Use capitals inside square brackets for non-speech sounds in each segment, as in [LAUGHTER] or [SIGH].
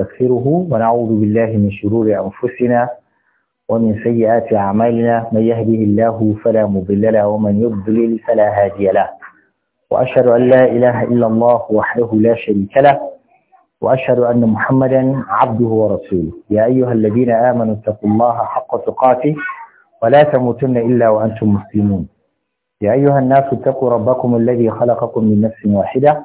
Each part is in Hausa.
نستغفره ونعوذ بالله من شرور أنفسنا ومن سيئات أعمالنا من يهده الله فلا مضل له ومن يضلل فلا هادي له وأشهد أن لا إله إلا الله وحده لا شريك له وأشهد أن محمدا عبده ورسوله يا أيها الذين آمنوا اتقوا الله حق تقاته ولا تموتن إلا وأنتم مسلمون يا أيها الناس اتقوا ربكم الذي خلقكم من نفس واحدة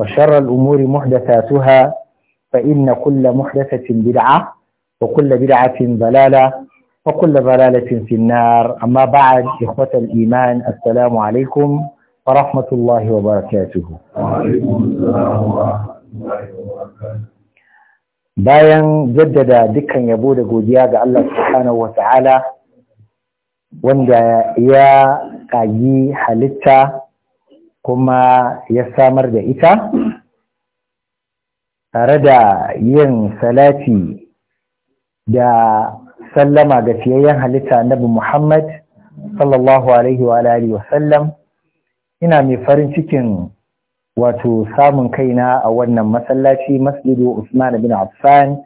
وشر الأمور محدثاتها فإن كل محدثة بدعة وكل بدعة ضلالة وكل ضلالة في النار أما بعد إخوة الإيمان السلام عليكم ورحمة الله وبركاته bayan jaddada dukkan yabo da godiya ga Allah subhanahu wa ta'ala wanda ya kagi halitta kuma ya samar da ita tare da yin salati da sallama ga fiyayyen halitta annabi Muhammad sallallahu alaihi wa alihi wa sallam ina mai farin cikin wato samun kaina a wannan masallaci masjidu Usman bin Affan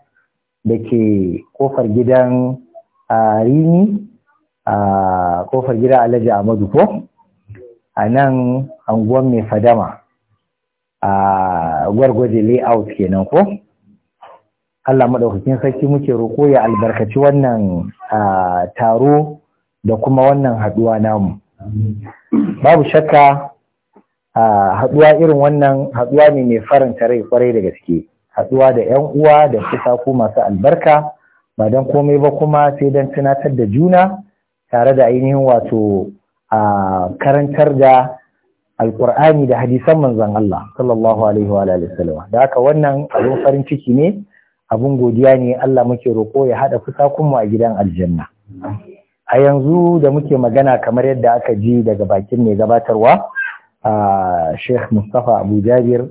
da ke kofar gidan Rini a kofar gidan Alhaji Ahmadu ko a nan anguwan mai fadama a gwargwaje layout kenan ko Allah maɗaukakin sarki muke roƙo ya albarkaci wannan taro da kuma wannan haɗuwa namu babu shakka haɗuwa irin wannan haɗuwa ne mai faranta rai kwarai da gaske haɗuwa da 'yan uwa da kusa ko masu albarka ba don komai ba kuma sai don tunatar da juna tare da ainihin wato a karantar da alkur'ani da hadisan manzan Allah sallallahu alaihi wa alihi wasallam da haka wannan abun farin ciki ne abun godiya ne Allah muke roƙo ya hada kusa mu a gidan aljanna a yanzu da muke magana kamar yadda aka ji daga bakin mai gabatarwa a Sheikh Mustafa Abu Jabir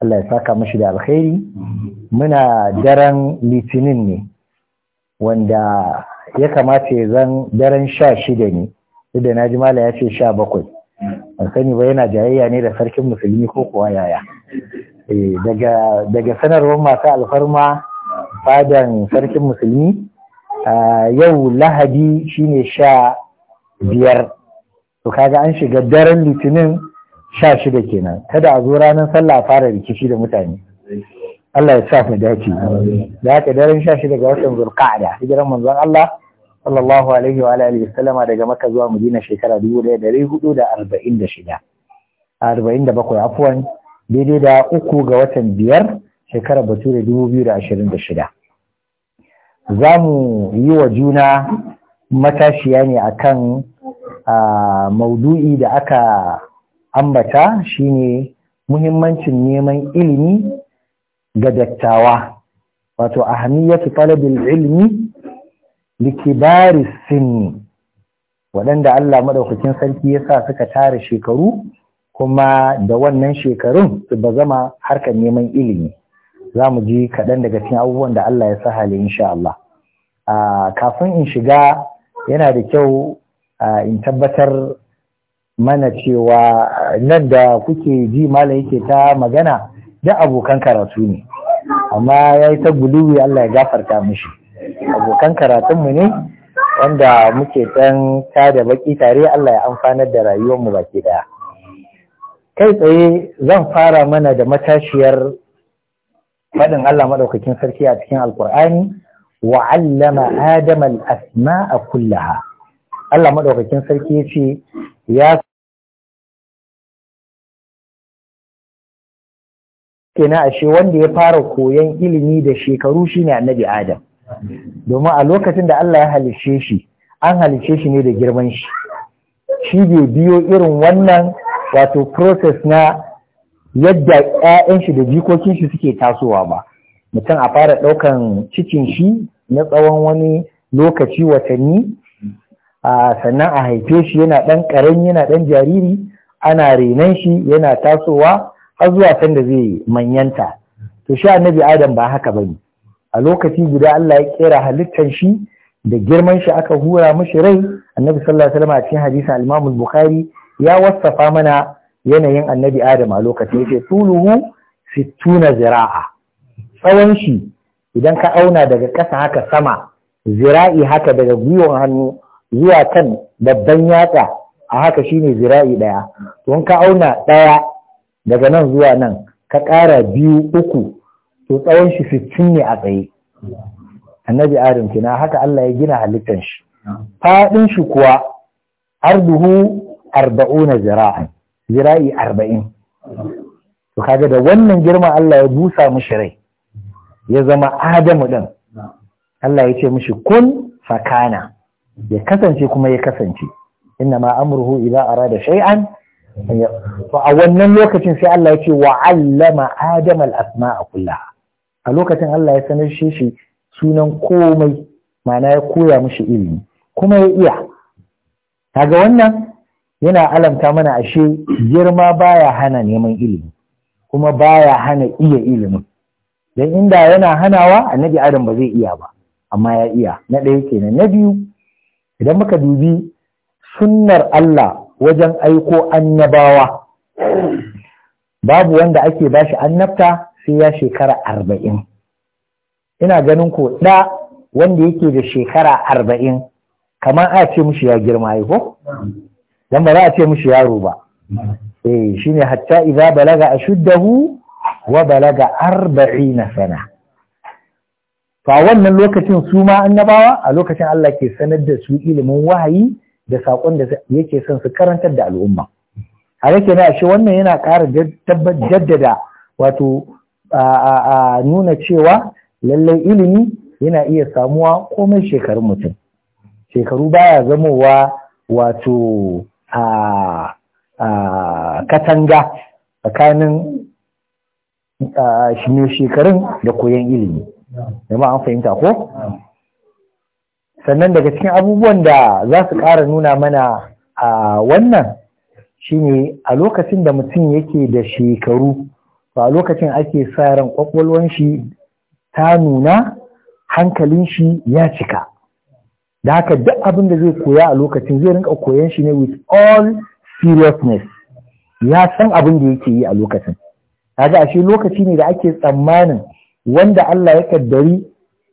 Allah ya saka mashi da alkhairi muna daren litinin ne wanda ya kamata ya zan daren sha shida ne yadda da ji mala ya ce sha bakwai ban sani ba yana jayayya ne da sarkin musulmi ko kuwa yaya eh, daga sanarwar masu alfarma fadan sarkin musulmi yau lahadi shine sha biyar to kaga an shiga daren litinin sha shida kenan kada a zo ranar sallah a fara rikici da mutane Allah ya sa mu dace da haka daren sha shida ga watan zulqa'ada hijiran manzon Allah sallallahu alaihi wa alihi wasallama daga Makka zuwa Madina shekara 1446 47 afwan daidai da uku ga watan biyar shekarar bature 2026 za mu yi wa juna matashiya ne akan maudu'i da aka ambata shine muhimmancin neman ilimi ga dattawa wato ahamiyatu talabil ilmi likibari sinni waɗanda Allah madaukakin sarki ya sa suka tara shekaru kuma da wannan shekarun su ba zama harkar neman ilimi zamu mu ji kaɗan daga cikin abubuwan da Allah ya sa hali insha Allah kafin in shiga yana da kyau in tabbatar mana cewa nan da kuke ji mala yake ta magana da abokan karatu ne amma ya yi ta guluwi Allah ya gafarta mishi abokan karatunmu ne wanda muke ɗan da baki tare Allah ya amfanar da rayuwarmu baki ɗaya. Kai tsaye zan fara mana da matashiyar faɗin Allah maɗaukakin sarki a cikin Alƙur'ani wa allama Adam kullaha. Allah maɗaukakin sarki ya ce ya kenan ashe wanda ya fara koyon ilimi da shekaru shine annabi Adam. domin a lokacin da Allah ya halishe shi an halishe shi ne da girman shi shi bai biyo irin wannan wato process na yadda 'ya'yan shi da jikokin shi suke tasowa ba mutum a fara ɗaukan cikin shi na tsawon wani lokaci watanni a sannan a haife shi yana ɗan ƙarami yana ɗan jariri ana renon shi yana tasowa har zuwa sanda zai manyanta to shi annabi adam ba haka bane a lokaci guda Allah ya kera halittar shi da girman shi aka hura mashi rai annabi sallallahu alaihi wasallam a cikin hadisin al-Imam al-Bukhari ya wasafa mana yanayin annabi Adam a lokacin yace tuluhu sittuna zira'a tsawon shi idan ka auna daga ƙasa haka sama zira'i haka daga gwiwon hannu zuwa kan babban yatsa a haka shine zira'i daya to in ka auna daya daga nan zuwa nan ka ƙara biyu uku to tsawon shi sittin ne a tsaye annabi adam kina haka Allah ya gina halittan shi faɗin shi kuwa arduhu arba'una zira'an zira'i arba'in to kaga da wannan girma Allah ya busa mishi rai ya zama adamu din Allah ya ce mishi kun fakana ya kasance kuma ya kasance inna ma amruhu idza arada shay'an to a wannan lokacin sai Allah ya ce wa allama adama al-asma'a kullaha a lokacin Allah ya sanar shi sunan komai mana ya koya mishi ilimi kuma ya iya kaga wannan yana alamta mana ashe girma baya hana neman ilimi kuma baya hana iya ilimi dan inda yana hanawa annabi adam ba zai iya ba amma ya iya na ɗaya kenan na biyu idan muka dubi sunnar Allah wajen aiko annabawa babu wanda ake bashi annabta sai ya shekara arba'in ina ganin ko ɗa wanda yake da shekara arba'in kamar a ce mushi ya girma ko don ba za a ce mushi yaro ba eh shine hatta iza balaga shuddahu wa balaga na sana to a wannan lokacin su ma annabawa a lokacin Allah ke sanar da su ilimin wahayi da saƙon da yake son su karantar da al'umma a yake na shi wannan yana ƙara jaddada wato a nuna cewa lallai ilimi yana iya samuwa komai shekarun mutum shekaru baya zamowa wato a katanga tsakanin shine shekarun da koyon ilimi zama an fahimta ko sannan daga cikin abubuwan da za su ƙara nuna mana a wannan shine a lokacin da mutum yake da shekaru ba a lokacin ake sa ran kwakwalwan shi ta nuna hankalin shi ya cika da haka duk abin da zai koya a lokacin zai rinka koyan shi ne with all seriousness ya san abin da yake yi a lokacin kaga ashe lokaci ne da ake tsammanin wanda Allah ya kaddari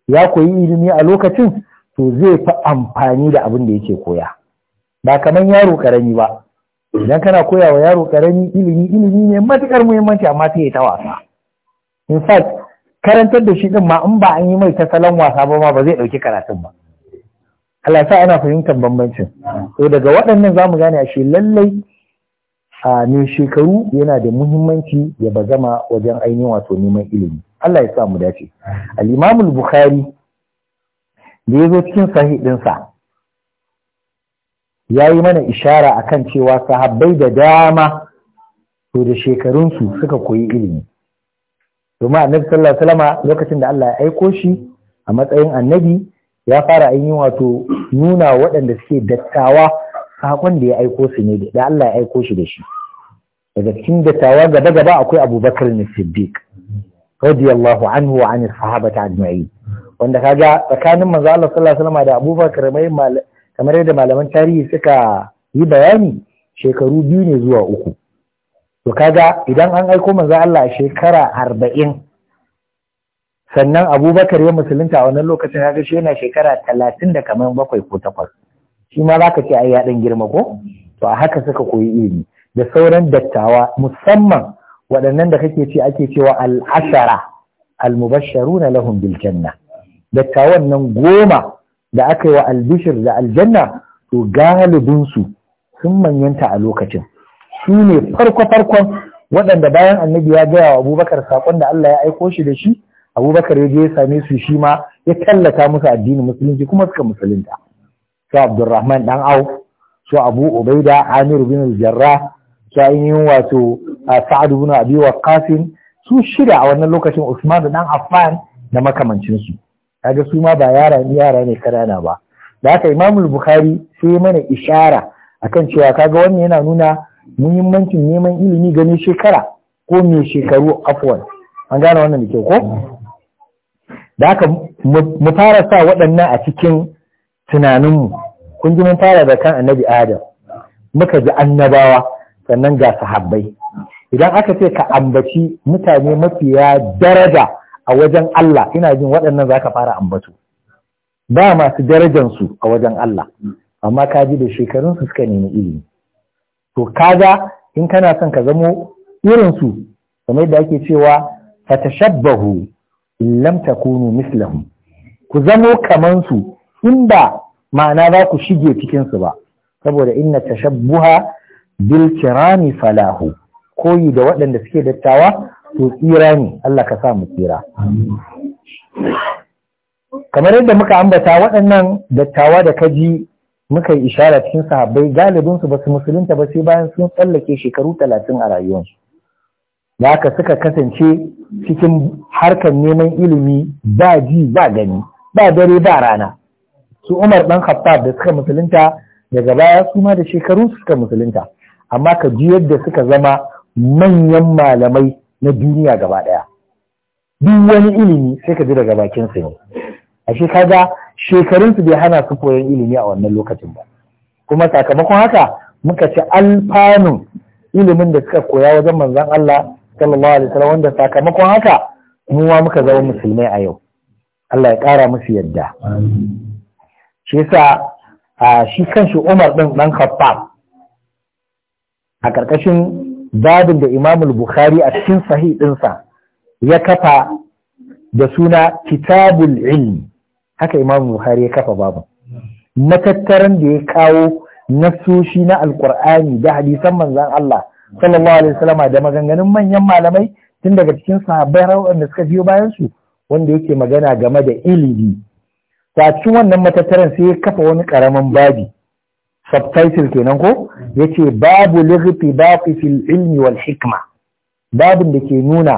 ya koyi ilimi a lokacin to zai fi amfani da abin da yake koya ba kamar yaro karami ba idan kana koya wa yaro karami ilimi ilimi ne matuƙar muhimmanci amma sai ya ta wasa in fact karantar da shi din ma in ba an yi mai ta salon wasa ba ma ba zai ɗauki karatun ba Allah sa ana fahimtar bambancin to daga waɗannan zamu gane ashe lallai a ne shekaru yana da muhimmanci ya bazama wajen ainihin wato neman ilimi Allah ya sa mu dace al-Imam al-Bukhari da ya zo cikin sahih ɗinsa ya yi mana ishara a kan cewa sahabbai da dama to da shekarunsu suka koyi ilimi domin annabi sallallahu alaihi wasallam lokacin da Allah ya aiko shi a matsayin annabi ya fara ainihin wato nuna waɗanda suke dattawa sakon da ya aiko su ne da Allah ya aiko shi da shi daga cikin dattawa gaba gaba akwai Abubakar ne Siddiq radiyallahu anhu wa anil sahabata ajma'in wanda kaga tsakanin manzo Allah sallallahu alaihi wasallam da Abubakar mai kamar yadda malaman tarihi suka yi bayani shekaru biyu ne zuwa uku to kaga idan an aiko manzo Allah a shekara arba'in sannan abubakar ya musulunta a wannan lokacin kaga shi yana shekara talatin da kamar bakwai ko takwas shi ma za ka ce ai ya ɗan girma ko to a haka suka koyi ilimi da sauran dattawa musamman waɗannan da kake ce ake cewa al'ashara al-mubashsharuna lahum bil janna dattawan nan goma da aka yi wa albishir da aljanna to galibinsu sun manyanta a lokacin su ne farko-farkon waɗanda bayan annabi ya gaya wa abubakar saƙon da Allah ya aiko shi da shi abubakar ya je ya same su shi ma ya tallata musu addinin musulunci kuma suka musulunta su abdurrahman dan au su abu ubaida amir bin jarra su ainihin wato sa'ad bin abi waqqas su shida a wannan lokacin usman da dan affan da makamancinsu kaga su ma ba yara ne yara ne kanana ba da haka imamul bukhari sai mana ishara akan cewa kaga wannan yana nuna muhimmancin neman ilimi gani shekara ko mai shekaru afwan an gane wannan da kyau ko da haka mu fara sa waɗannan a cikin tunaninmu kun ji mun fara da kan annabi adam muka ji annabawa sannan ga sahabbai idan aka ce ka ambaci mutane mafiya daraja a wajen Allah ina jin waɗannan za ka fara ambato ba masu darajansu a wajen Allah amma ka ji da shekarunsu suka nemi ilimi to kaga in kana son ka zamo irinsu kamar yadda ake cewa fatashabbahu lam takunu mislahum ku zamo kaman su in ba ma'ana za ku shige cikin su ba saboda inna tashabbuha bil kirani falahu koyi da waɗanda suke dattawa to tsira ne Allah ka sa mu tsira kamar yadda muka ambata waɗannan dattawa da kaji muka yi ishara cikin sahabbai galibinsu ba su musulunta ba sai bayan sun tsallake shekaru talatin a rayuwarsu da haka suka kasance cikin harkar neman ilimi ba ji ba gani ba dare ba rana su umar ɗan khattab da suka musulunta daga baya su ma da shekaru suka musulunta amma ka ji yadda suka zama manyan malamai na duniya gaba ɗaya duk wani ilimi sai ka ji daga bakin su ne ashe kaga shekarun su bai hana su koyon ilimi a wannan lokacin ba kuma sakamakon haka muka ci alfanun ilimin da suka koya wajen manzon Allah sallallahu alaihi wasallam wanda sakamakon haka mu ma muka zama musulmai a yau Allah ya ƙara musu yadda shi yasa shi kanshi Umar ɗin ɗan Khattab a ƙarƙashin babin da imamul bukhari a cikin sahih ɗinsa ya kafa da suna kitabul ilmi haka imamul bukhari ya kafa babin matattaran da ya kawo nasoshi na Alƙur'ani da hadisan manzan Allah sallallahu alaihi wasallama da maganganun manyan malamai tun daga cikin sahabbai waɗanda suka biyo bayan su wanda yake magana game da ilimi ta cikin wannan matattaran sai ya kafa wani karamin babi subtitle kenan ko yace babu lighti baqi fil ilmi wal hikma babin da ke nuna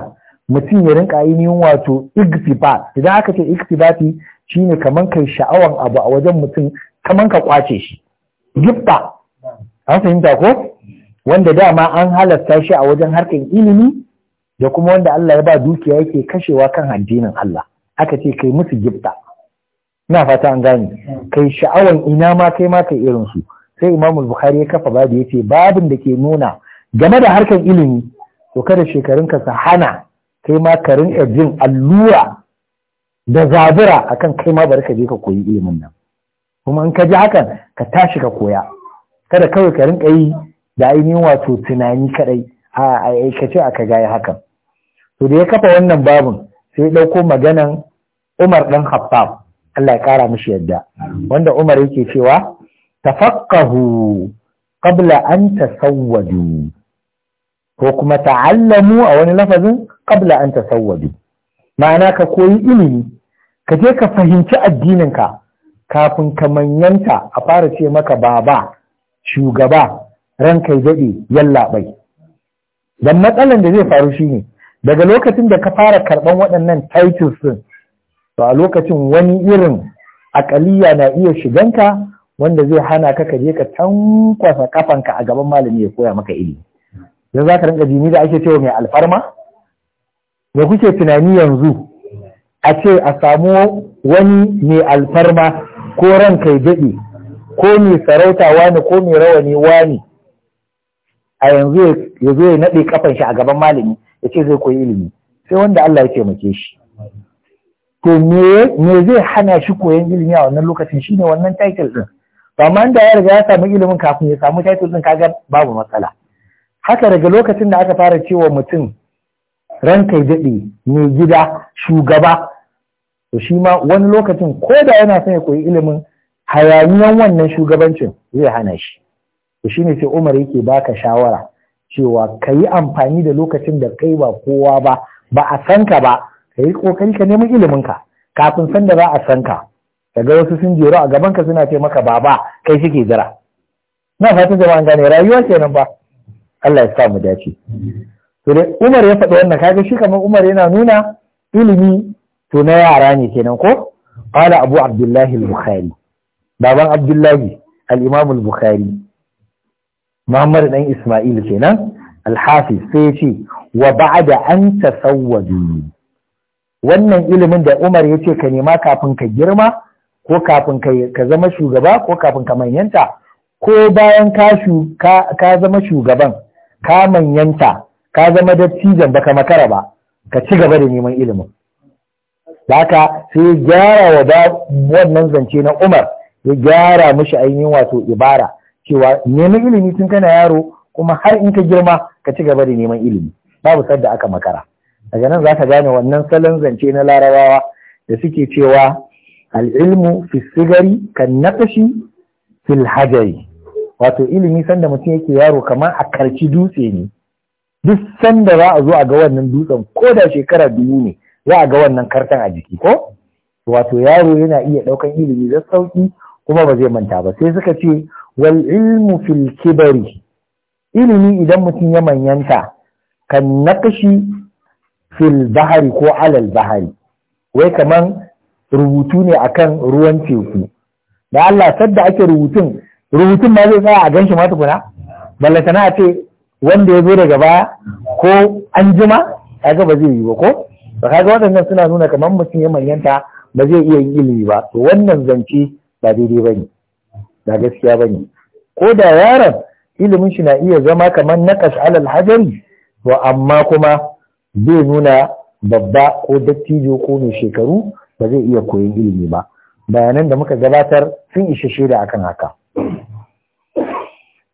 mutum ya rinka ainihin wato igtibat idan aka ce igtibati shine kaman kai sha'awan abu a wajen mutum kaman ka kwace shi gifta an fahimta ko wanda dama an halarta shi a wajen harkan ilimi da kuma wanda Allah ya ba dukiya yake kashewa kan addinin Allah aka ce kai musu gifta ina fata an gane kai sha'awan ina ma kai ma kai irin su sai imam bukhari ya kafa babu ya ce babin da ke nuna game da harkar ilimi to kada shekarun ka sa hana kai ma ka rinka jin allura da zabura akan kai ma bari ka je ka koyi ilimin nan kuma in ka ji hakan ka tashi ka koya kada kawai ka rinka yi da ainihin wato tunani kadai a aikace aka gaya hakan to da ya kafa wannan babun sai ya ɗauko maganan Umar ɗan Khattab Allah ya ƙara mishi yadda wanda Umar yake cewa tafaqahu qabla an tasawwadu ko kuma ta'allamu a wani lafazin qabla an tasawwadu ma'ana ka koyi ilimi ka je ka fahimci addininka kafin ka manyanta a fara ce maka baba shugaba ranka ya daɗe yallaɓai Dan matsalan da zai faru shine daga lokacin da ka fara karɓan waɗannan titles din to a lokacin wani irin akaliya na iya shiganka wanda zai hana ka ka je ka tankwasa kafanka a gaban malami ya koya maka ilimi yanzu za ka rinka jini da ake cewa mai alfarma me kuke tunani yanzu a ce a samu wani mai alfarma ko ran kai daɗe ko mai sarauta wani ko mai rawani wani a yanzu ya zo ya naɗe kafan shi a gaban malami ya ce zai koyi ilimi sai wanda Allah ya taimake shi to me zai hana shi koyon ilimi a wannan lokacin shine wannan title ɗin? to amma da ya riga ya samu ilimin kafin ya samu title din kaga babu matsala haka daga lokacin da aka fara cewa mutum ranka ya daɗe mai gida shugaba to shi ma wani lokacin ko da yana son ya koyi ilimin hayaniyan wannan shugabancin zai hana shi to shine sai Umar yake baka shawara cewa ka yi amfani da lokacin da kai ba kowa ba ba a san ka ba ka yi kokari ka neman ilimin ka kafin san da za a san ka ga wasu sun jero a gaban ka suna ce maka baba kai suke jira na fatan jama'an gane rayuwa kenan ba Allah ya sa mu dace to dai Umar ya faɗi wannan kaga shi kamar Umar yana nuna ilimi to na yara ne kenan ko qala Abu Abdullahi al-Bukhari baban Abdullahi al-Imam al-Bukhari Muhammad dan Isma'il kenan al-Hafiz sai ya ce wa ba'da an tasawwadu wannan ilimin da Umar ya ce ka nema kafin ka girma ko kafin ka zama shugaba ko kafin ka manyanta ko bayan ka zama shugaban ka manyanta ka zama dattijan baka makara ba ka ci gaba da neman ilimin haka sai gyara wa wannan zance na umar ya gyara mishi ainihin wato ibara cewa neman ilimi tun kana yaro kuma har in ka girma ka ci gaba da neman ilimi babu sadda aka makara daga nan za ka gane wannan salon zance na larabawa da suke cewa al'ilmu fi kan nafashi filhajari. wato ilimi sanda mutum yake yaro kamar a karci dutse ne duk sanda za a zo a ga wannan dutsen ko da shekara dubu ne za a ga wannan kartan a jiki ko wato yaro yana iya ɗaukan ilimi da sauƙi kuma ba zai manta ba sai suka ce wal ilmu fil kibari ilimi idan mutum ya manyanta kan nakashi fil bahari ko alal bahari wai kaman rubutu ne akan ruwan teku da Allah sadda ake rubutun rubutun ma zai tsaya a ganshi ma tukuna ballata na ce wanda ya zo daga baya ko an jima kaga ba zai yi ba ko ba kaga waɗannan suna nuna kamar mutum ya manyanta ba zai iya yin ilimi ba to wannan zance ba daidai ba ne, ba gaskiya ba ne. ko da yaron ilimin shi na iya zama kamar nakas alal hajari to amma kuma zai nuna babba ko dattijo ko mai shekaru ba zai iya koyon ilimi ba bayanan da muka gabatar sun ishe shaida akan haka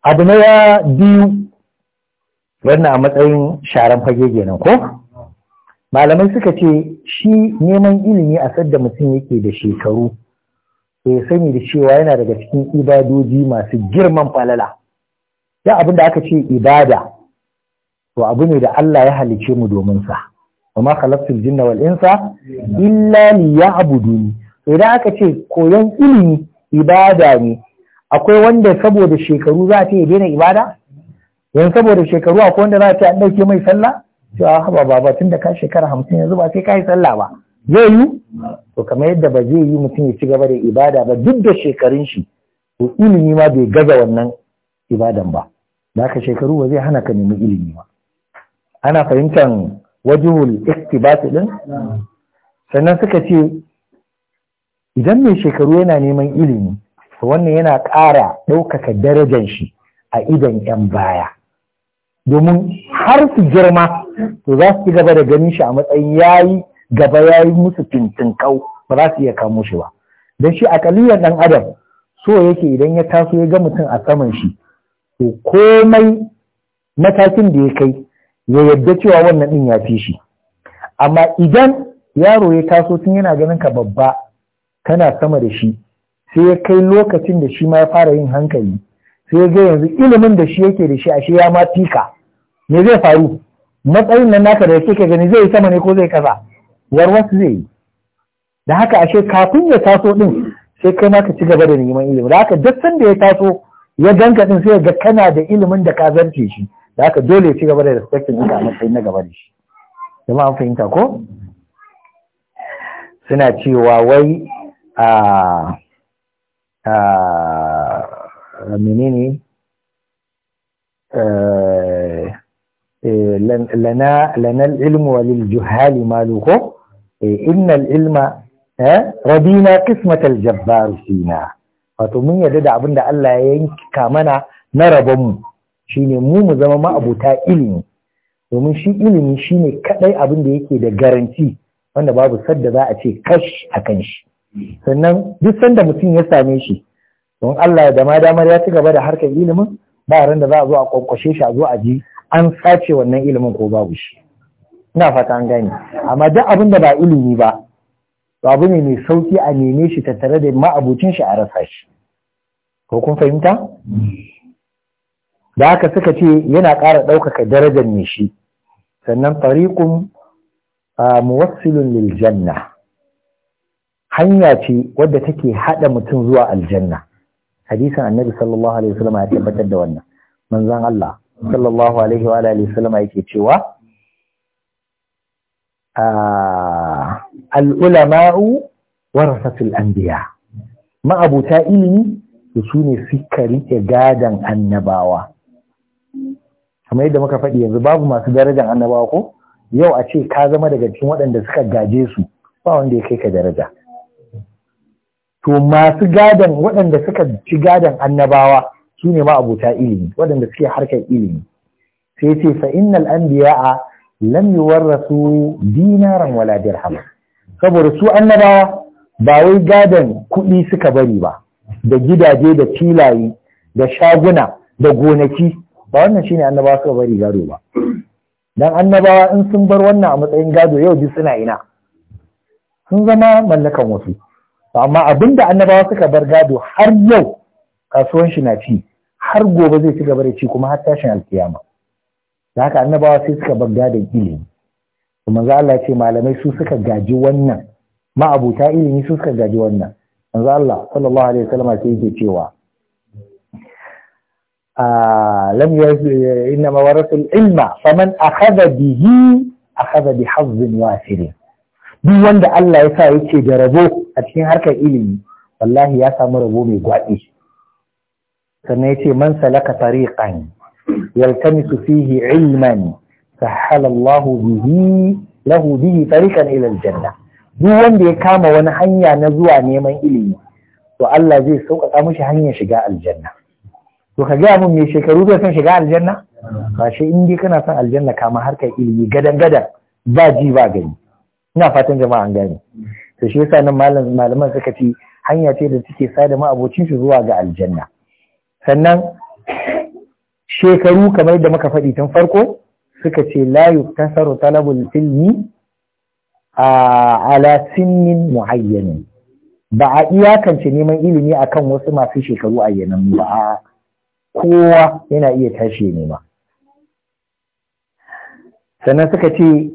abu na ya biyu wannan a matsayin sharan fage kenan ko malamai suka ce shi neman ilimi a sadda mutum yake da shekaru ya eh, sani da cewa yana daga cikin ibadoji masu girman falala ya abin da aka ce ibada to abu ne da Allah ya halice mu domin sa wa ma khalaqtul jinna wal insa illa liya'buduni idan aka ce koyon ilimi ibada ne akwai wanda saboda shekaru za ta yi daina ibada yan saboda shekaru akwai wanda za ta an dauke mai sallah to a ah, haba baba tun da ka shekara hamsin yanzu ba sai ka yi sallah ba zai yi to kamar yadda ba zai yi mutum ya ci gaba da ibada ba duk da shekarun shi to ilimi ma bai gaza wannan ibadan ba da shekaru ba zai hana ka nemi ilimi ba ana fahimtar wajihul iktibasi din sannan suka ce idan mai shekaru yana neman ilimi wannan yana ƙara ɗaukaka darajar shi a idan 'yan baya domin har su girma to za su gaba da ganin shi a matsayin yayi gaba yayi musu tintinkau ba za su iya kamo shi ba don shi a kaliyar ɗan adam so yake idan ya taso ya ga mutum a saman shi to komai matakin da ya kai ya yadda cewa wannan ɗin ya fi shi amma idan yaro ya taso tun yana ganin ka babba kana sama da shi sai ya kai lokacin da shi ma ya fara yin hankali sai ya ga yanzu ilimin da shi yake da shi ashe ya ma fika me zai faru matsayin nan naka da ka gani zai yi sama ne ko zai kasa warwas zai yi da haka ashe kafin ya taso ɗin, sai kai ma ka ci gaba da neman ilimi da haka duk sanda ya taso ya ganka din sai ga kana da ilimin da ka zarce shi da aka dole ci gaba da respectin ɗinka a matsayin na gaba da shi zama an fahimta ko suna cewa wai a a menene eh, eh, lana ilmu walil juhali malu ko eh, innal ilma rabina qismatal jabbar fina wato mun yarda da abinda Allah ya yanka mana na rabonmu Shi ne mu mu zama ma'abuta ilimi domin shi ilimi shi ne kaɗai abin da yake da garanti wanda babu sadda za a ce kash a kan shi sannan duk sanda mutum ya same shi don Allah da ma damar ya ci gaba da harkar ilimin ba ran da za a zo a kwakwashe shi a zo a ji an sace wannan ilimin ko babu shi ina fata an gane amma duk abin da ba ilimi ba to abu ne mai sauki a neme shi tattare da ma'abucin shi a rasa shi ko kun fahimta da haka suka ce yana ƙara ɗaukaka darajar mai shi sannan tariqun muwassilun lil janna hanya ce wadda take haɗa mutum zuwa aljanna hadisin annabi sallallahu alaihi wasallam ya tabbatar da wannan manzon Allah sallallahu alaihi wa alihi wasallam yake cewa al ulama'u warasatul anbiya ma'abuta ilimi su ne suka riƙe gadan annabawa kamar yadda muka faɗi yanzu babu masu darajar annabawa ko yau a ce ka zama daga cikin waɗanda suka gaje su ba wanda ya kai ka daraja to masu gadon waɗanda suka ci gadon annabawa su ne ma'abuta ilimi waɗanda suke harkar ilimi sai ce fa innal anbiya'a lam yuwarrasu dinaran wala dirham saboda su annabawa ba wai gadon kuɗi suka bari ba da gidaje da filaye da shaguna da gonaki ba wannan shine annabawa suka bari gado ba dan annabawa in sun bar wannan a matsayin gado yau ji suna ina sun zama mallakan wasu amma abinda annabawa suka bar gado har yau kasuwan shi na ci har gobe zai ci gaba da ci kuma har tashin alkiyama da haka annabawa sai suka bar gadon ilimi za Allah ce malamai su suka gaji wannan ma'abuta ilimi su suka gaji wannan manzo Allah sallallahu alaihi wasallam sai yake cewa lam inna mawaratul ilma faman akhadha bihi akhadha bi hazzin duk wanda Allah ya sa yake da rabo a cikin harkar ilimi wallahi ya samu rabo mai gwaɗi sannan yace man salaka tariqan yaltamisu fihi ilman sahala Allahu bihi lahu bihi tariqan ila aljanna duk wanda ya kama wani hanya na zuwa neman ilimi to Allah zai sauƙaƙa mishi hanyar shiga aljanna to ka gaya mun me shekaru zai san shiga aljanna ba shi in dai kana son aljanna kama harkar ilimi gadan gadan ba ji ba gani ina fatan jama'a an gane to shi yasa nan malaman suka ce hanya ce da suke sada ma'abocin su zuwa ga aljanna sannan shekaru kamar da muka faɗi tun farko suka ce la yuktasaru talabul ilmi ala sinnin muayyanin ba a iyakance neman ilimi akan wasu masu shekaru ayyanan ba kowa yana iya tashi nema sannan suka ce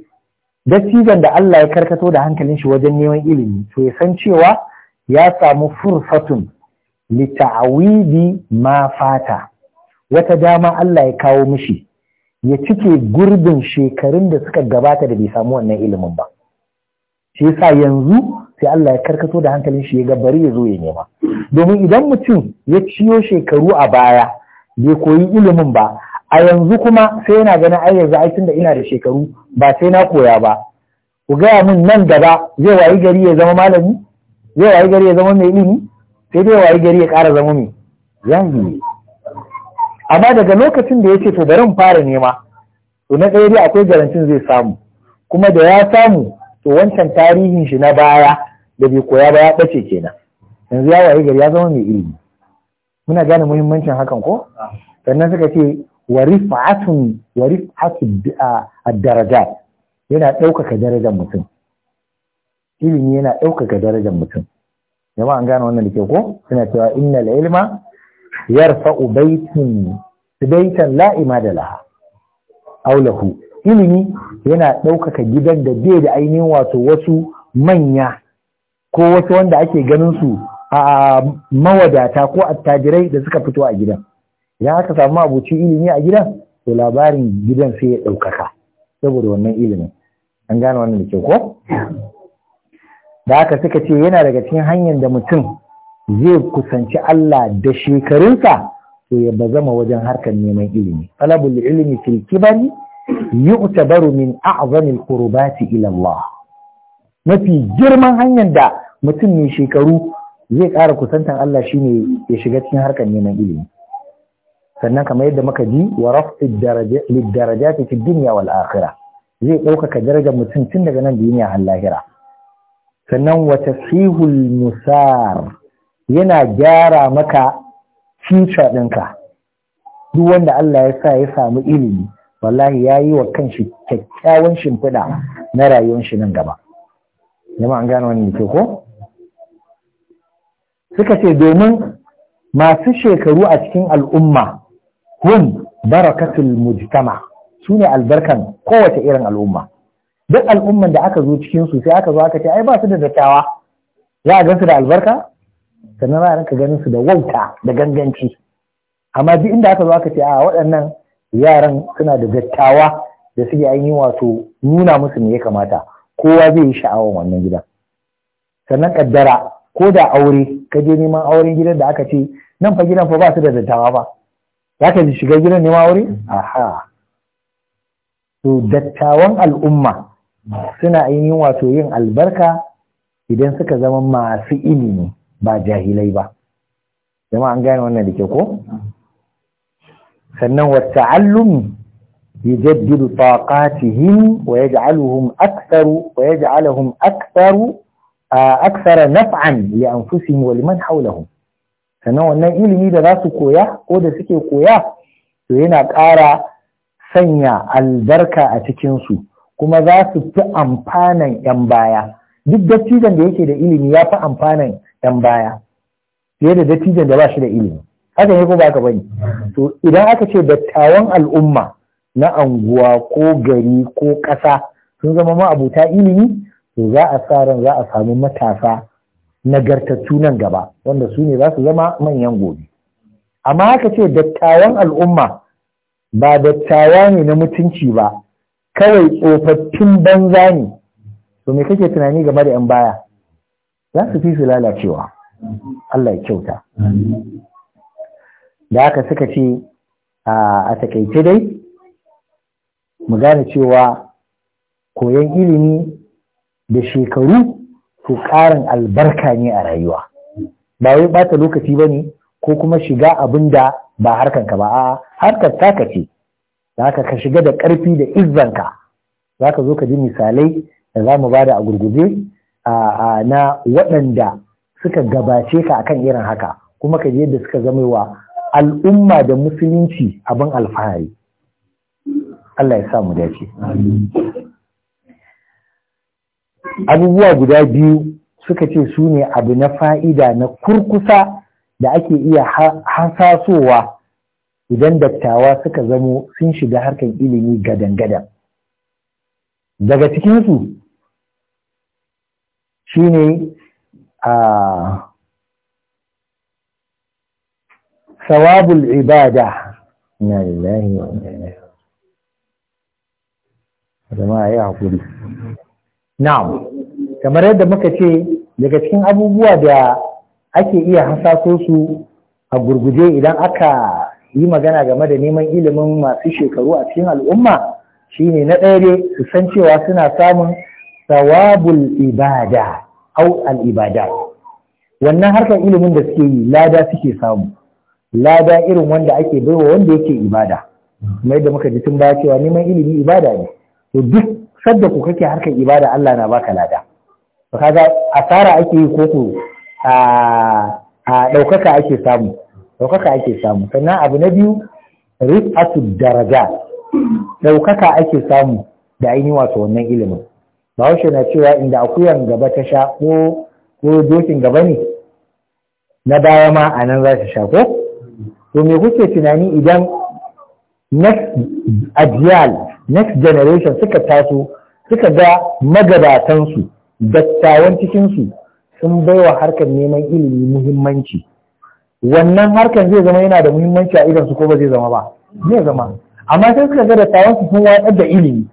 dattijan da Allah ya karkato da hankalin shi wajen neman ilimi to ya san cewa ya samu furfatun lita'awidi ma fata wata dama Allah ya kawo mishi ya cike gurbin shekarun da suka gabata da bai samu wannan ilimin ba shi sa yanzu sai Allah ya karkato da hankalin shi ya ga bari ya zo ya nema domin idan mutum ya ciyo shekaru a baya bai koyi ilimin ba a yanzu kuma sai yana ganin ai yanzu ai tunda ina da shekaru ba sai na koya ba ku gaya min nan gaba zai wayi gari ya zama malami zai wayi gari ya zama mai ilimi sai dai wayi gari ya ƙara zama mai yanzu amma daga lokacin da ya ce to bari in fara nema to na ɗaya dai akwai garantin zai samu kuma da ya samu to wancan tarihin shi na baya da bai koya ba ya ɓace kenan yanzu ya wayi gari ya zama mai ilimi muna gane muhimmancin hakan ko ah. sannan suka ce warifatun rif'atun wa ad yana ɗaukaka darajar mutum ilimi yana ɗaukaka darajar mutum jama'a an gane wannan da ke ko suna cewa innal ilma yarfa'u baitin baitan la imada laha aw ilimi yana ɗaukaka gidan da bai da ainihin wato wasu manya ko wasu wanda ake ganin su a mawadata ko attajirai da suka fito a gidan idan aka samu abuci ilimi a gidan to labarin gidan sai ya ɗaukaka saboda wannan ilimin an gane wannan da kyau ko da aka suka ce yana daga cikin hanyar da mutum zai kusanci Allah da shekarunsa to ya bazama wajen harkar neman ilimi talabul ilimi fil kibari yu'tabaru min a'zamil qurbati ila Allah mafi girman hanyar da mutum mai shekaru zai ƙara kusantan Allah ne ya shiga cikin harkar neman ilimi sannan kamar yadda muka ji wa raf'id darajati fi dunya wal akhira. zai ɗaukaka darajar mutum tun daga nan duniya har lahira sannan wa tasihul musar yana gyara maka future ɗinka duk wanda Allah ya sa ya samu ilimi wallahi ya yi wa kanshi kyakkyawan shimfiɗa na rayuwar shi nan gaba. Yama an gano wani ke ko? suka ce domin masu shekaru a cikin al'umma hun, barakatul mujtama su ne albarkan kowace irin al'umma duk al'umman da aka zo cikin su sai aka zo aka ce ai ba su da dattawa za a gansu da albarka sannan za a rinka ganin su da wauta da ganganci amma duk inda aka zo aka ce a waɗannan yaran suna da dattawa da suke ainihin wato nuna musu me ya kamata kowa zai yi sha'awar wannan gidan sannan kaddara ko da aure ka je neman auren gidan da aka ce nan fa gidan fa ba su da dattawa ba za ka ji shiga gidan neman aure aha to dattawan al'umma suna ainihin wato yin albarka idan suka zama masu ilimi ba jahilai ba jama'a an gane wannan da ke ko sannan wa ta'allumi wa yaj'aluhum aktharu wa yaj'aluhum aktharu aksara naf'an li anfusihim wa liman sannan wannan ilimi da za su koya ko da suke koya to yana ƙara sanya albarka a cikinsu kuma za su fi amfanan 'yan baya duk dattijan da yake da ilimi ya fi amfanan 'yan baya fiye da dattijan da ba shi da ilimi haka ne ko ba ka bani. to idan aka ce dattawan al'umma na anguwa ko gari ko ƙasa sun zama ma'abuta ilimi to za a sa ran za a samu matasa nagartattu nan gaba wanda su ne za su zama manyan gobe amma haka ce dattawan al'umma ba dattawa ne na mutunci ba kawai tsofaffin banza ne to me kake tunani game da 'yan baya za su fi su lalacewa Allah ya kyauta da haka suka ce a takaice dai mu gane cewa koyon ilimi da shekaru to ƙarin albarka ne a rayuwa ba wai ɓata lokaci ba ne ko kuma shiga abin da ba harkanka ba a harkar taka ce za ka ka shiga da ƙarfi da izzanka za ka zo ka ji misalai da za mu ba da a gurguje na waɗanda suka gabace ka akan irin haka kuma ka ji yadda suka zama wa al'umma da musulunci abin alfahari Allah ya sa mu dace. abubuwa guda biyu suka ce su ne abu na fa'ida na kurkusa da ake iya hasasowa idan dattawa suka zamo sun shiga harkar ilimi gadan-gadan daga cikinsu shi ne a sawabul ibada na lillahi wa zama haƙuri na'am kamar yadda muka ce daga cikin abubuwa da ake iya hasaso su a gurguje idan aka yi magana game da neman ilimin masu shekaru a cikin al'umma shine na ɗaya su san cewa suna samun sawabul ibada au al'ibada wannan harkar ilimin da suke yi lada suke samu lada irin wanda ake baiwa wanda yake ibada Kamar yadda muka ji tun baya cewa neman ilimi ibada ne to duk sadda ku kake harkar ibada Allah na baka lada to kaga asara ake yi ko ku a a ake samu daukaka ake samu sannan abu na biyu rifatu daraja ɗaukaka ake samu da ainihin wato wannan ilimin bahaushe na cewa inda akuyan gaba ta sha ko ko dokin gaba ne na baya ma a nan za ta sha ko to me kuke tunani idan na ajiyal next generation suka taso suka ga magabatansu dattawan cikinsu sun baiwa harkar neman ilimi muhimmanci wannan harkar zai zama yana da muhimmanci a idansu ko ba zai zama ba zai zama amma sai suka ga dattawan su sun watsar da ilimi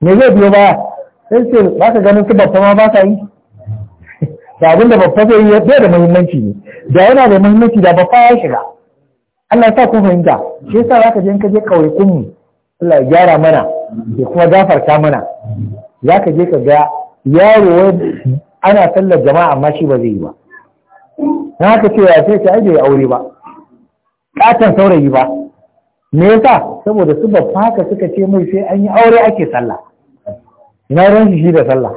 me zai biyo ba? sai sai ba ka ganin su babba ma ba sa yi [LAUGHS] da abin da babba zai yi da muhimmanci ne da yana da muhimmanci da babba ya shiga Allah ya sa ku fahimta shi yasa ka je ka je kauyakun mu Allah ya gyara mana ya kuma gafarta mana za ka je ka ga yaro ana sallar jama'a amma shi ba zai yi ba na haka ya sai ta aje aure ba katon saurayi ba me yasa saboda su babba haka suka ce mai sai an yi aure ake sallah ina ran shi shi da sallah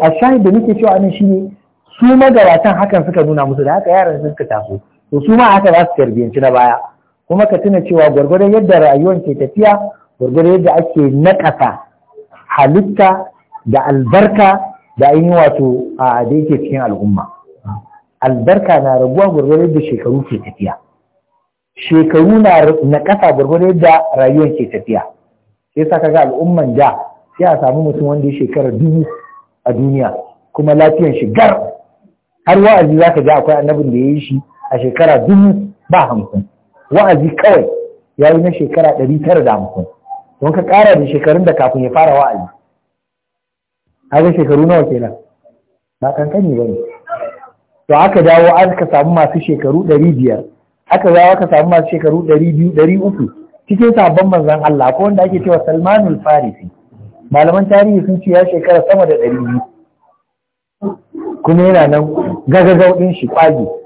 a shahid da nake cewa anan shine su magabatan hakan suka nuna musu da haka yaran sun suka taso to su ma haka za su tarbiyanci na baya kuma ka tuna cewa gwargwadon yadda rayuwar ke tafiya gwargwadon yadda ake naƙasa halitta da albarka da an yi wato a da yake cikin al'umma albarka na raguwa gwargwadon yadda shekaru ke tafiya shekaru na naƙasa gwargwadon yadda rayuwar ke tafiya sai sa kaga al'umman da sai a samu mutum wanda ya shekara dubu a duniya kuma lafiyan shi gar har wa'azi za ka ga akwai annabin da ya yi shi a shekara dubu ba hamsin wa'azi kawai ya yi na shekara ɗari tara da hamsin don ka ƙara da shekarun da kafin ya fara wa'azi haka shekaru nawa kenan ba kankani ba ne to aka dawo aka samu masu shekaru ɗari biyar aka dawo aka samu masu shekaru ɗari biyu ɗari uku cikin sabon manzan Allah ko wanda ake cewa Salmanul Farisi malaman tarihi sun ce ya shekara sama da ɗari biyu kuma yana nan gagagau ɗin shi kwage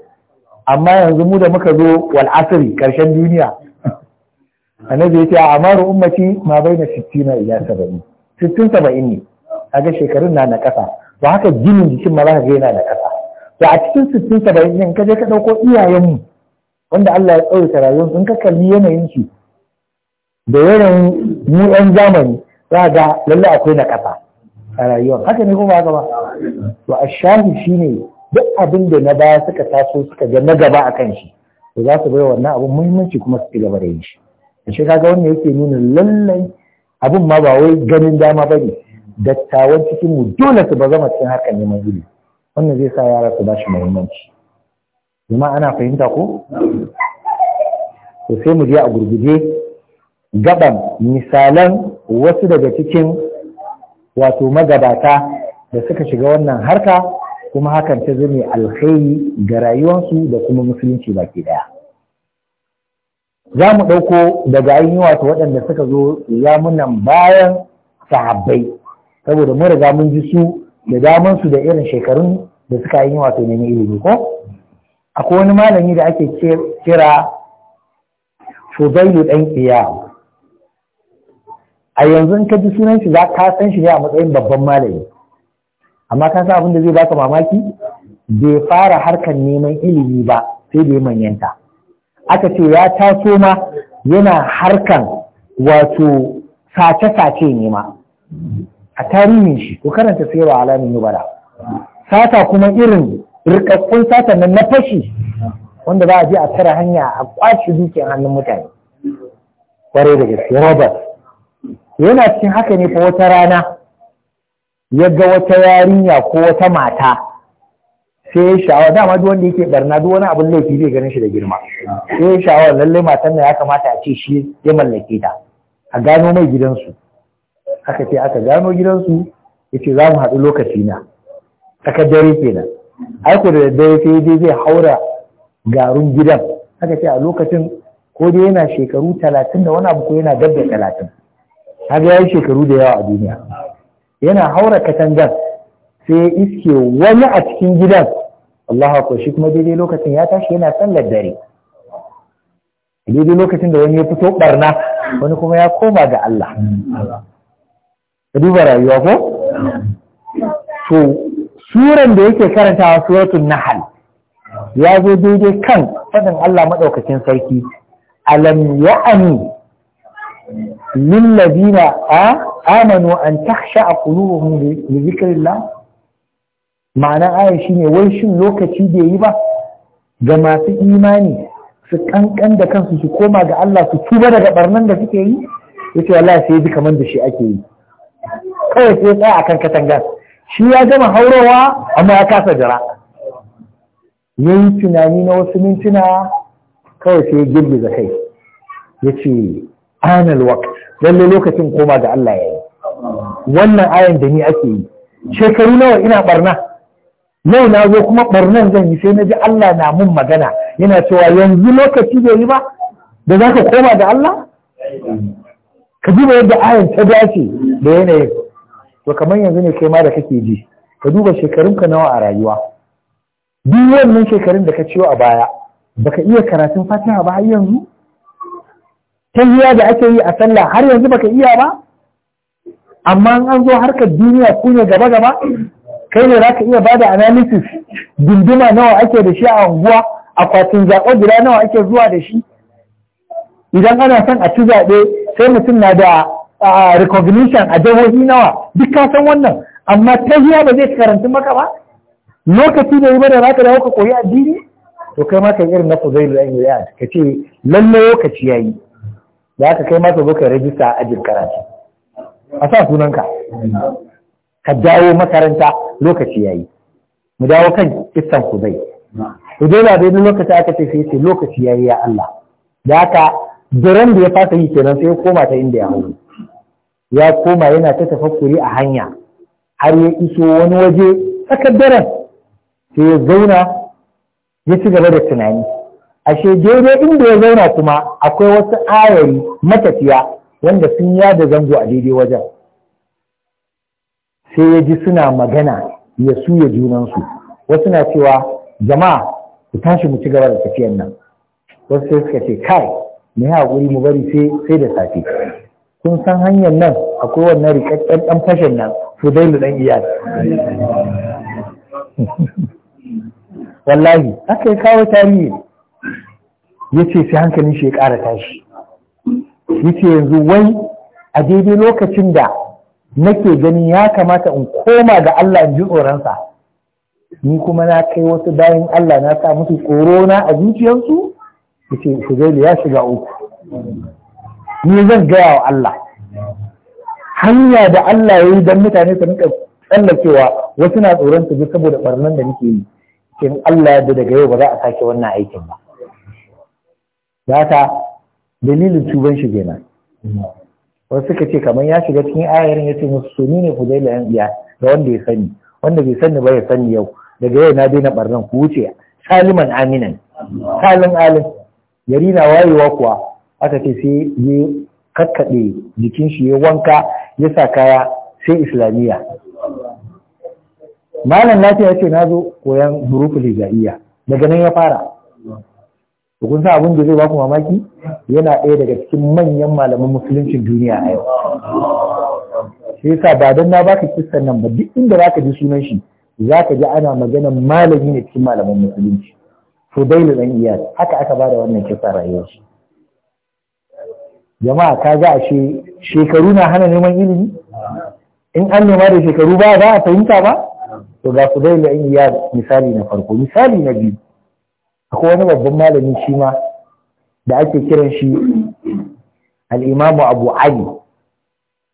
amma yanzu mu da muka zo wal asri karshen duniya [LAUGHS] annabi yace amaru ummati ma baina 60 ila 70 60 70 ne kaga shekarun na na kasa ba haka jinin jikin ma zaka ka ga yana na kasa to a cikin 60 70 din kaje ka dauko iyayen mu wanda Allah ya tsawaita rayuwar in ka kalli yanayin su da yanayin mu yan zamani za ga lalle akwai na kasa a rayuwar haka ne kuma ba haka ba to ashahi shine duk abin da na baya suka taso suka ga na gaba a kan shi to za su bai wannan abin muhimmanci kuma su ci gaba da yin shi a shi kaga wannan yake nuna lallai abin ma ba wai ganin dama ba ne dattawan cikin mu dole su ba zama cikin harkar neman ilimi wannan zai sa yara su ba shi muhimmanci kuma ana fahimta ko to sai mu je a gurguje gaban misalan wasu daga cikin wato magabata da suka shiga wannan harka kuma hakan ta zame alkhairi ga rayuwarsu da kuma musulunci baki daya za mu ɗauko daga ainihi wato waɗanda suka zo zamunan bayan sahabbai saboda mun riga mun ji su da damansu da irin shekarun da suka yi wato nemi ilimi ko akwai wani malami da ake kira fudailu ɗan iya. a yanzu in ka ji sunan shi za ka san shi ne a matsayin babban malami amma ka sa abin da zai baka mamaki bai fara harkar neman ilimi ba sai da manyanta aka ce ya taso ma yana harkan wato sace-sace nema. a tarihin shi ko karanta sayarwa alamin nubala sata kuma irin rikakkun sata nan na fashi wanda za a je a tara hanya a kwace dukiyar hannun mutane kwarai da gaske robert yana cikin haka ne fa wata rana ya ga wata yarinya ko wata mata sai ya sha'awa dama duk wanda yake barna duk wani abin laifi zai ganin shi da girma sai ya sha'awa lallai matan nan ya kamata a ce shi ya mallake ta a gano mai gidansu aka ce aka gano gidansu ya ce za mu haɗu lokaci na aka dare kenan aiko da daddare sai dai zai haura garun gidan aka ce a lokacin ko dai yana shekaru talatin da wani abu ko yana dab da talatin ya yi shekaru da yawa a duniya yana haura katangar sai iske wani a cikin gidan Allah akwai shi kuma daidai lokacin ya tashi yana sallar dare daidai lokacin da wani ya fito barna wani kuma ya koma ga Allah ka rayuwa ko to suran da yake karantawa suratul nahl ya zo daidai kan fadin Allah maɗaukacin sarki alam ya'ani للذين آمنوا أن تخشع قلوبهم لذكر الله معنى آية شيني ويشن لوكا تيدي يبا جماعة إيماني سكان كان دا كان سكوما دا الله سكوما دا برنان دا سكي yace wallahi sai ji kaman da shi ake yi kawai sai tsaya akan katanga shi ya gama haurowa, amma ya kasa jira yayi tunani na wasu mintuna kawai sai ya girgiza kai yace anal waqt lalle lokacin koma ga Allah ya yi wannan ayan da ni ake yi shekaru nawa ina barna yau na zo kuma barnan zan yi sai na ji Allah na mun magana yana cewa yanzu lokaci bai yi ba da za ka koma ga Allah ka duba yadda ayan ta dace da yanayin to kamar yanzu ne kai ma da kake ji ka duba shekarunka nawa a rayuwa duk wannan shekarun da ka ciwo a baya baka iya karatun fatiha ba har yanzu tahiya da ake yi a sallah har yanzu baka iya ba amma an zo harkar duniya ku ne gaba gaba kai ne ka iya bada analysis gunduma nawa ake da shi a unguwa akwatin zaɓen gida nawa ake zuwa da shi idan ana son a ci zaɓe sai mutum na da recognition a jihohi nawa duk ka san wannan amma tahiya ba zai karantu maka ba lokaci da yi bada zaka dawo ka koyi addini to kai ma kan irin na fuzailu an yi ka ce lallai lokaci ya yi. da aka kai masa zo ka rajista a ajin karatu a sa sunanka ka dawo makaranta lokaci yayi mu dawo kan kissan ku zai idan ba dai lokaci aka ce sai ce lokaci yayi ya Allah da aka duran da ya fasa yi kenan sai ya koma ta inda ya hau ya koma yana ta tafakkuri a hanya har ya iso wani waje tsakar daren sai ya zauna ya ci gaba da tunani ashe daidai inda ya zauna kuma akwai wasu ayari matafiya wanda sun yada zango a daidai wajen sai ya ji suna magana ya suya junansu wasu na cewa jama'a ku tashi mu ci gaba da tafiyan nan wasu sai suka ce kai mu yi haƙuri mu bari sai da safe kun san hanyar nan akwai wannan rikakken ɗan fashin nan fudailu ɗan iyal [LAUGHS] wallahi aka yi kawo tarihi ya ce sai hankalin shi ya ƙara tashi ya ce yanzu wai a daidai lokacin da nake gani ya kamata in koma ga Allah in ji tsoronsa ni kuma na kai wasu bayan Allah na sa musu na a zuciyarsu ya ce zai ya shiga uku ni zan gaya wa Allah hanya da Allah ya yi don mutane su nika tsallakewa wasu na tsoron su ji saboda barnan da nake yi kin Allah da daga yau ba za a sake wannan aikin ba haka dalilin tuban shi kenan wasu suka ce kamar ya shiga cikin ayarin ya ce musu su ne ku dai layan iya da wanda ya sani wanda bai sani ba ya sani yau daga yau na daina barnan ku wuce saliman aminan salin alin yari na wayewa kuwa aka ce sai ya kakkaɗe jikin shi ya wanka ya sa kaya sai islamiyya malam lafiya ya ce na zo koyan hurufin iya daga nan ya fara to sa abin da zai baku mamaki yana ɗaya daga cikin manyan malaman musuluncin duniya a yau sai sa ba don na baka kissan nan ba duk inda zaka ji sunan shi zaka ji ana maganan malami ne cikin malaman musulunci Fudailu dan Iyad haka aka bada wannan kisa rayuwar shi jama'a ka ga ashe shekaru na hana neman ilimi in an nema da shekaru ba za a fahimta ba to ga Fudailu dan Iyad misali na farko misali na biyu ko wani babban malami shi ma da ake kiran shi al'imamu abu ali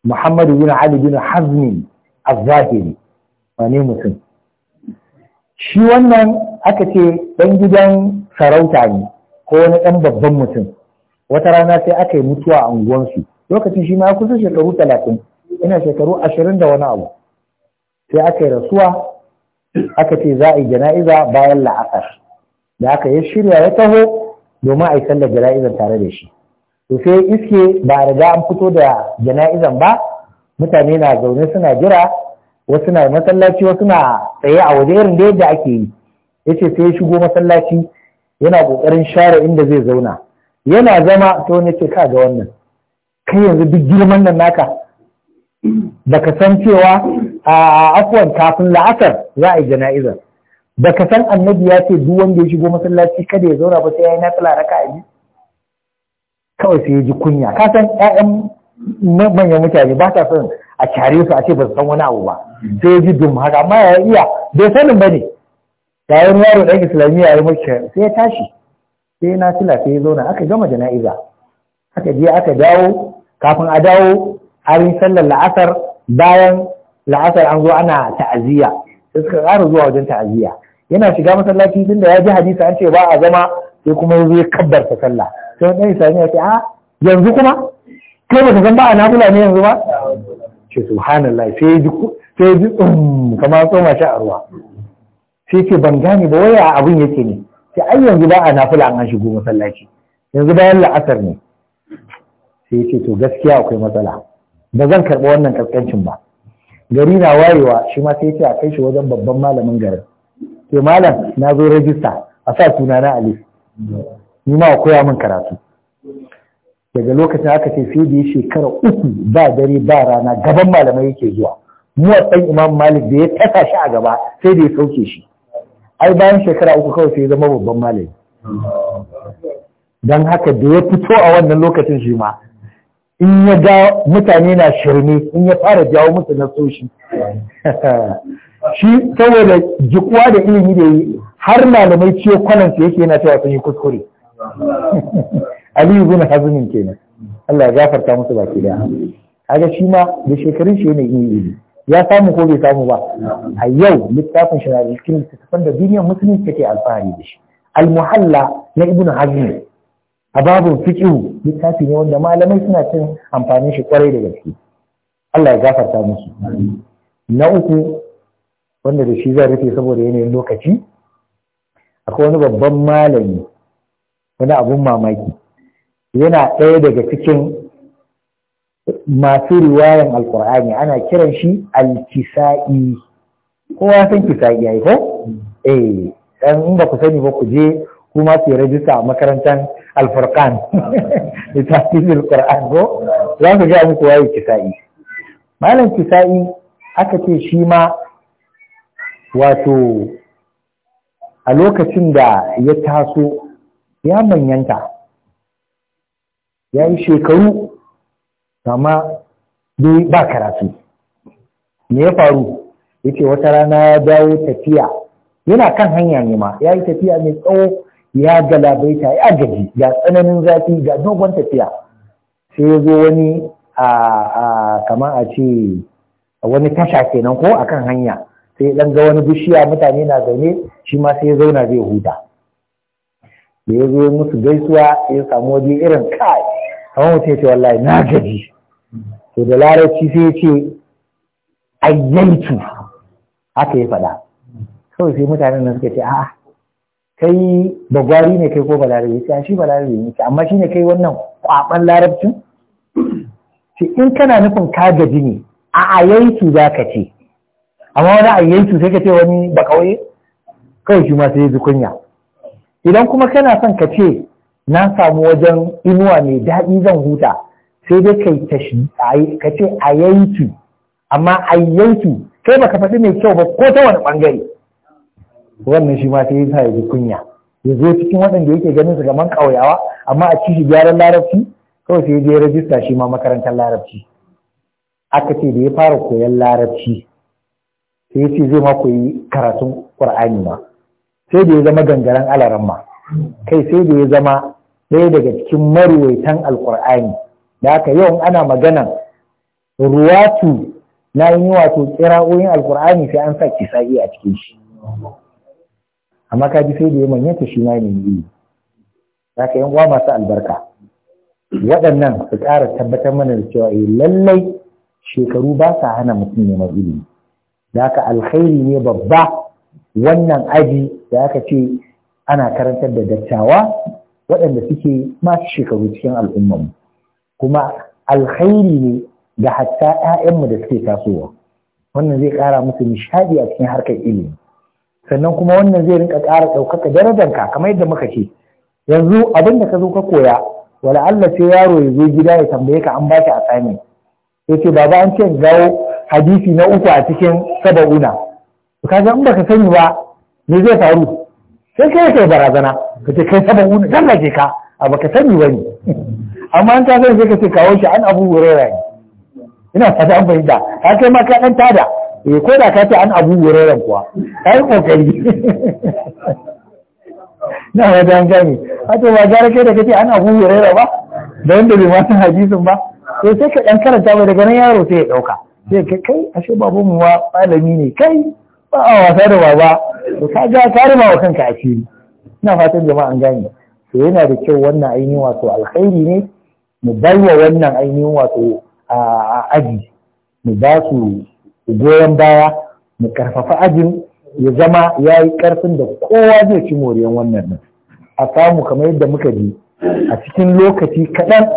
muhammadu bin ali bin hazmi az-zahiri wani mutum shi wannan aka ce ɗan gidan sarauta ne ko wani ɗan babban mutum wata rana sai aka yi mutuwa a unguwansu lokacin shi ma kusan shekaru talatin ina shekaru ashirin da wani abu sai aka yi rasuwa aka ce za a yi jana'iza bayan la'asar da aka ya shirya ya taho domin a yi sallar jana'izar tare da shi to sai iske ba a riga an fito da jana'izan ba mutane na zaune suna jira wasu na masallaci wasu na tsaye a waje irin da yadda ake yi Ya ce sai ya shigo masallaci yana ƙoƙarin share inda zai zauna yana zama to ne ce ka ga wannan kai yanzu duk girman nan naka baka san cewa a afwan kafin la'asar za a yi jana'izar baka san annabi ya ce duk wanda ya shigo masallaci kada ya zauna ba sai ya yi nafila raka biyu kawai sai ya ji kunya ka san ƴaƴan manyan mutane ba ta son a care su a ce ba su san wani abu ba sai ya ji dum haka amma ya iya bai sanin ba ne yayin yaro ɗan islamiyya ya yi mashi sai ya tashi sai ya nafila sai ya zauna aka gama jana'iza aka je aka dawo kafin a dawo an sallar la'asar bayan la'asar an zo ana ta'aziyya sai suka ƙara zuwa wajen ta'aziyya yana shiga masallaci tun da ya ji hadisi an ce ba a zama sai kuma ya zo ya kabbarta sallah sai wani sami ya ce a ah, yanzu kuma kai ba ka san ba a nafula ne yanzu ba ce subhanallah sai ya ji sai ya ji kamar tsoma shi a ruwa sai ce ban gane ba waya abin yake ne sai ai yanzu ba a nafula an shigo masallaci yanzu bayan la'asar ne sai ya ce to gaskiya akwai matsala ba zan karɓi wannan kaskancin ba gari na wayewa shi ma sai ce a kai shi wajen babban malamin garin ke malam na zo rajista a sa suna na alif ni ma a koya min karatu daga lokacin aka ce sai da ya shekara uku ba dare ba rana gaban malamai yake zuwa Mu wasan imam malik da ya tasa shi a gaba sai da ya sauke shi ai bayan shekara uku kawai sai ya zama babban malami don haka da ya fito a wannan lokacin shi ma in ya ga mutane na shirme in ya fara jawo musu na soshi shi saboda jikuwa da ilimi da yi har malamai ciyo kwanansu yake yana cewa sun yi kuskure [LAUGHS] aliyu ibn hazmin kenan Allah gafarta musu baki da kaga shi ma da shekarun shi ilimi ya samu ko bai samu ba a yau littafin shi na littattafan da duniyar musulunci take alfahari da shi al-muhalla na Ibnu hazmi a babin fiƙihu littafi ne wanda malamai suna cin amfanin shi kwarai da gaske Allah ya gafarta musu na uku wanda da shi zai rufe saboda yanayin lokaci akwai wani babban malami wani abun mamaki yana ɗaya daga cikin masu riwayan alkur'ani ana kiran shi alkisa'i kowa san kisa'i ya yi ko eh dan in ba ku sani ba ku je kuma yi rajista a makarantar alfarkan da [LAUGHS] tafizil qur'an ko za su ga muku waye kisa'i malam kisa'i aka ce shi ma wato a lokacin da ya taso ya manyanta ya yi shekaru amma dai ba karatu me ya faru ya ce wata rana ya dawo tafiya yana kan hanya ne ma ya yi tafiya mai tsawo ya galabaita ya gaji ga tsananin zafi ga dogon tafiya sai ya zo wani a kama a ce wani tasha kenan ko akan hanya sai dan ga wani bishiya mutane na zaune shi ma sai ya zauna zai huta da ya zo musu gaisuwa ya samu waje irin kai kamar mutum ya ce wallahi na gaji to da larabci sai ya ce ayyaitu haka ya faɗa kawai sai mutanen nan suka ce a'a kai bagwari ne kai ko balarabe sai shi balarabe ne amma shi ne kai wannan kwaban larabcin ce in kana nufin ka gaji ne a ayyaitu za ka ce amma wani ayyaitu sai ka ce wani ba kawai kawai shi ma sai kunya idan kuma kana son ka ce na samu wajen inuwa mai daɗi zan huta sai dai kai ka ce ayyaitu amma ayyaitu kai baka faɗi mai kyau ba ko ta wani ɓangare wannan shi ma sai ya sa ya ji kunya ya zo cikin waɗanda yake ganin su kaman ƙauyawa amma a cikin gyaran larabci kawai sai ya je rajista shi ma makarantar larabci aka ce da ya fara koyan larabci sai ya ce zai ma koyi karatun ƙur'ani ma sai da ya zama gangaren alaran ma kai sai da ya zama ɗaya daga cikin marwaitan alƙur'ani da aka yawan ana magana ruwatu na yi wato ƙira'o'in alƙur'ani sai an sa kisa'i a cikin shi amma ka ji sai da ya manyanta shi ma ya nemi ilimi za ka yan uwa masu albarka waɗannan su ƙara tabbatar mana da cewa eh lallai shekaru ba sa hana mutum neman ilimi da haka alkhairi ne babba wannan aji da aka ce ana karantar da dattawa waɗanda suke masu shekaru cikin al'ummarmu kuma alkhairi ne ga hatta 'ya'yanmu da suke tasowa wannan zai ƙara musu nishaɗi a cikin harkar ilimi sannan kuma wannan zai rinka ƙara ɗaukaka darajanka kamar yadda muka ce yanzu abin da ka zo ka koya wala Allah sai yaro ya zo gida ya tambaye ka an ba shi assignment ya ce baba an ce gawo hadisi na uku a cikin saba'una to kaga in baka sani ba me zai faru sai kai kai barazana ka ce kai saba'una dan ka a baka sani ba ne [LAUGHS] amma an ta sai ka ce kawo shi an abu wurare ne ina fata an fahimta ka kai ma ka dan tada eh ko da ka ce an abu wuraren kuwa ai kokari [LAUGHS] na ga an gani wato ba gara kai da kace an abu wuraren ba da wanda bai ma hadisin ba to sai ka dan karanta mai daga nan yaro sai ya dauka sai ka kai ashe babu mu malami ne kai ba a wasa da baba to ka ga ka rima wa kanka asiri ina fatan jama'a an gane to yana da kyau wannan ainihin wato alkhairi ne mu wa wannan ainihin wato a aji mu ba su goyon baya mu karfafa ajin ya zama ya yi karfin da kowa zai ci moriyan wannan nan a samu kamar yadda muka ji a cikin lokaci kaɗan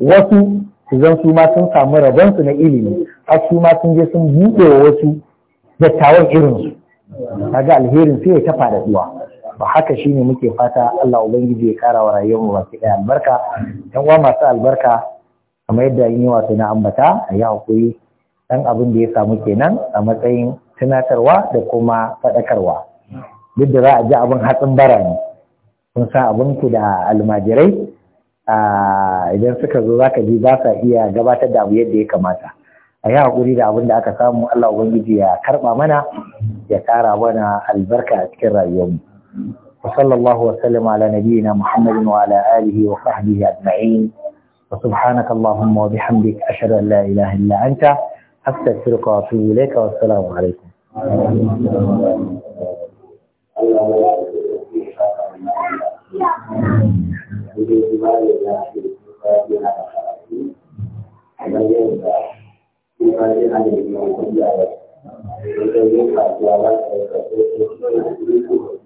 wasu su zan su ma sun samu rabonsu na ilimi har su ma sun je sun buɗe wa wasu dattawan irinsu kaga alherin sai ya tafa da uwa ba haka shine muke fata Allah ubangiji ya kara wa rayuwar mu baki ɗaya albarka yan uwa masu albarka kamar yadda yi wato na ambata a yi haƙuri ɗan abin da ya samu kenan a matsayin tunatarwa da kuma faɗakarwa duk da za a ji abin hatsin bara ne kun san abin ku da almajirai idan suka zo za ka ji ba sa iya gabatar da abu yadda ya kamata a yi haƙuri da abin da aka samu Allah Ubangiji ya karɓa mana ya ƙara mana albarka a cikin rayuwarmu وصلى الله وسلم على نبينا محمد وعلى آله وصحبه أجمعين وسبحانك اللهم وبحمدك أشهد أن لا إله إلا أنت أستغفرك وأتوب إليك والسلام عليكم. Thank you.